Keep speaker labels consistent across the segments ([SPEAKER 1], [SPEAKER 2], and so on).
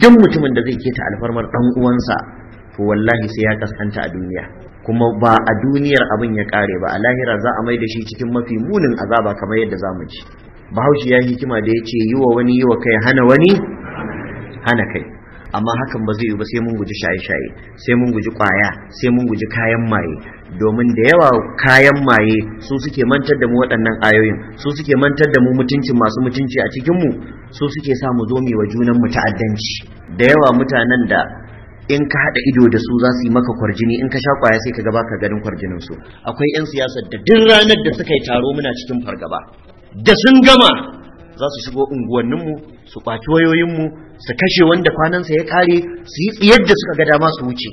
[SPEAKER 1] duk mutumin da zai keta alfarmar dan uwansa to wallahi sai ya kaskanta a duniya kuma ba a duniyar abin ya kare ba a lahira za a mai da shi cikin mafi munin azaba kamar yadda za mu ji bahaushe ya hikima da ya ce yi wa wani yi wa kai hana wani hana kai amma hakan ba zai yi ba sai mun guji shaye-shaye sai mun guji kwaya sai mun guji kayan maye domin da yawa kayan maye su suke mantar da mu waɗannan ayoyin su suke mantar da mu mutunci masu mutunci a cikin mu su suke sa mu zo wa junan mu ta'addanci da yawa mutanen da in ka haɗa ido da su za su yi maka kwarjini in ka sha kwaya sai ka gaba ka ganin kwarjinin su akwai 'yan siyasa da duk ranar da suka yi taro muna cikin fargaba da sun gama za su shigo unguwanninmu su kwaci wayoyinmu su kashe wanda kwanansa ya kare su yi tsiyar da suka ga dama su wuce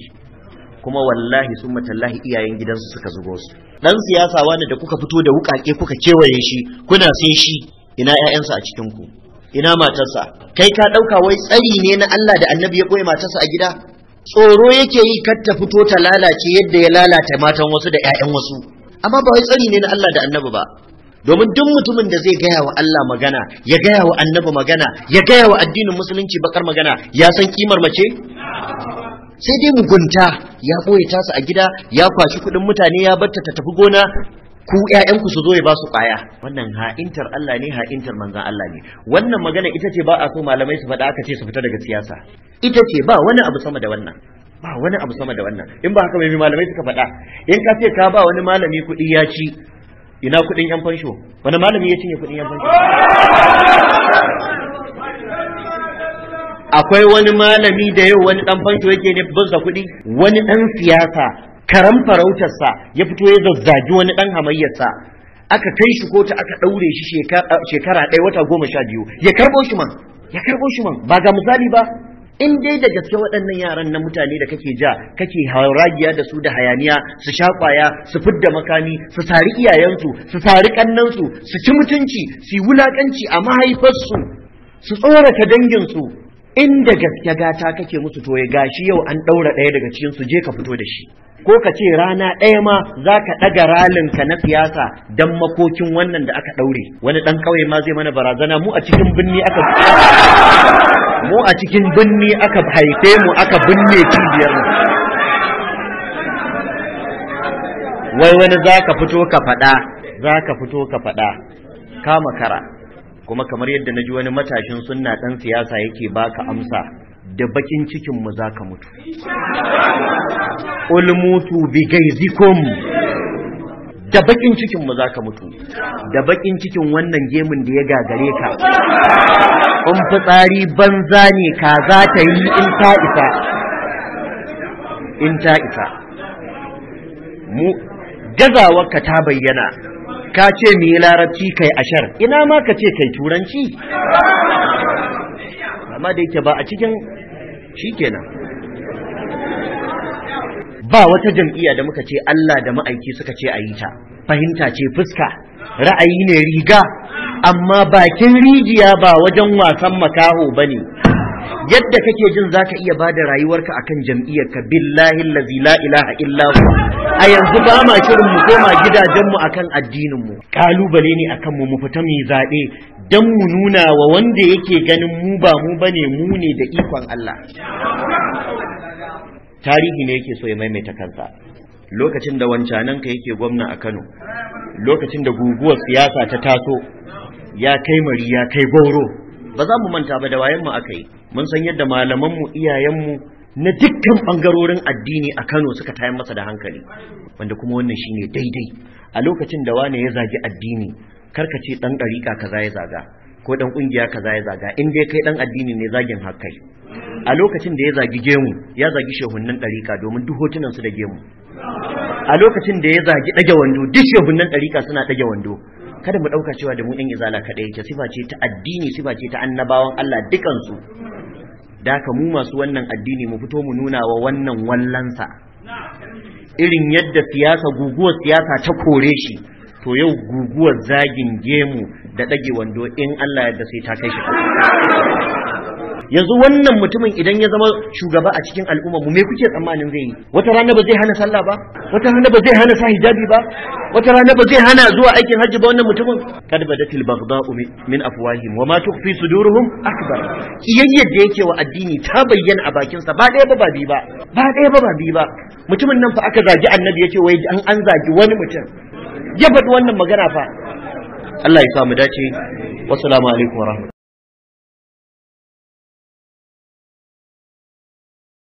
[SPEAKER 1] kuma wallahi sun matallahi iyayen gidansu suka zubo su dan siyasa wani da kuka fito da wukake kuka kewaye shi kuna sai shi ina 'ya'yansa a cikin ku ina matarsa kai ka ɗauka wai tsari ne na Allah da annabi ya ɓoye matarsa a gida tsoro yake yi kar ta fito ta lalace yadda ya lalata matan wasu da 'ya'yan wasu amma ba wai tsari ne na Allah da annabi ba domin duk mutumin da zai gaya wa Allah magana ya gaya wa annabi magana ya gaya wa addinin musulunci bakar magana ya san kimar mace sai dai mugunta ya boye tasa a gida ya kwashi kudin mutane ya batta ta tafi gona ku ƴaƴanku su zo ya ba su ƙwaya wannan ha'intar Allah ne ha'intar manzan Allah ne wannan magana ita ce ba a so malamai su faɗa aka ce su fita daga siyasa ita ce ba wani abu sama da wannan ba wani abu sama da wannan in ba haka mai malamai suka faɗa in ka ce ka ba wani malami kuɗi ya ci ina kuɗin yan fansho wani malami ya cinye kuɗin yan fansho akwai wani malami da yau wani dan fansho yake ne bansa kuɗi wani dan siyasa karam farautarsa ya fito ya zazzagi wani dan hamayyarsa aka kai shi kotu aka ɗaure shi shekara ɗaya wata goma sha biyu ya karɓo shi man ya karɓo shi man ba ga misali ba in dai da gaske waɗannan yaran na mutane da kake ja kake hauragiya da su da hayaniya su sha kwaya su fidda makami su sari iyayensu su sari kannansu su ci mutunci su wulakanci a mahaifarsu su tsorata danginsu da gaske gata kake musu to ya gashi yau an ɗaura ɗaya daga cikin su je ka fito da shi ko ka ce rana ɗaya ma za ka ɗaga ka na siyasa don makokin wannan da aka ɗaure wani ɗan ƙauye ma zai mana barazana mu a cikin birni aka a cikin binni aka haife mu aka binne cibiyar mu wai wani za ka fito ka faɗa za ka fito ka faɗa kama kara kuma kamar yadda na ji wani matashin sunna ɗan siyasa yake baka amsa da bakin cikinmu za ka mutu ulmutu bi gaizikum da bakin cikin mu zaka mutu da bakin cikin wannan gemun da ya gagare ka in fitsari banza ne ka za ta yi in ta isa in ta isa mu gazawa ka ta bayyana ka ce me larabci kai ashar ina ma ka ce kai turanci amma da yake ba a cikin shikenan ba wata jam'iyya da muka ce Allah da ma'aiki suka ce a yi ta fahimta ce fuska ra'ayi ne riga amma bakin rijiya ba wajen wasan makaho ba ne yadda kake jin zaka iya bada rayuwarka akan jam'iyyarka billahi allazi la ilaha illa hu a yanzu ba ma shirin mu koma gidajen mu akan addinin mu kalubale ne akan mu mu fita mu zaɓe dan mu nuna wa wanda yake ganin mu ba mu bane mu ne da ikon Allah tarihi ne yake so ya maimaita kansa lokacin da wancananka yake gwamna a Kano lokacin da guguwar siyasa ta taso ya kai mari ya kai goro ba za mu manta ba da wayan mu aka yi mun san yadda malaman mu iyayen mu na dukkan bangarorin addini a Kano suka tayar masa da hankali wanda kuma wannan shine daidai a lokacin da wane ya zagi addini karka ce dan dariƙa kaza ya zaga ko dan kungiya kaza ya zaga in dai kai dan addini ne zagin hakkai a lokacin da ya zagi gemu ya zagi shehunnan ɗarika domin duk hotunansu da gemu a lokacin da ya zagi ɗage wando duk shehunnan ɗarika suna ɗage wando kada mu ɗauka cewa da mu ɗan izala kaɗai yake sifa ce ta addini sifa ce ta annabawan Allah dukansu da ka mu masu wannan addini mu fito mu nuna wa wannan wallansa irin yadda siyasa guguwar siyasa ta kore shi to yau guguwar zagin gemu da ɗage wando in Allah yadda sai ta kai shi yanzu wannan mutumin idan ya zama shugaba a cikin al'umma mu me kuke tsammanin zai yi wata rana ba zai hana sallah ba wata rana ba zai hana sa hijabi ba wata rana ba zai hana zuwa aikin hajji ba wannan mutumin kad badatil baghda'u min afwahihim wa ma tukhfi suduruhum akbar kiyayyar da yake wa addini ta bayyana a bakin sa ba ɗaya ba ba bi ba ba ɗaya ba ba bi ba mutumin nan fa aka zagi annabi yace wai an an zagi wani mutum ya faɗi wannan magana fa Allah ya sa
[SPEAKER 2] mu dace wassalamu alaikum wa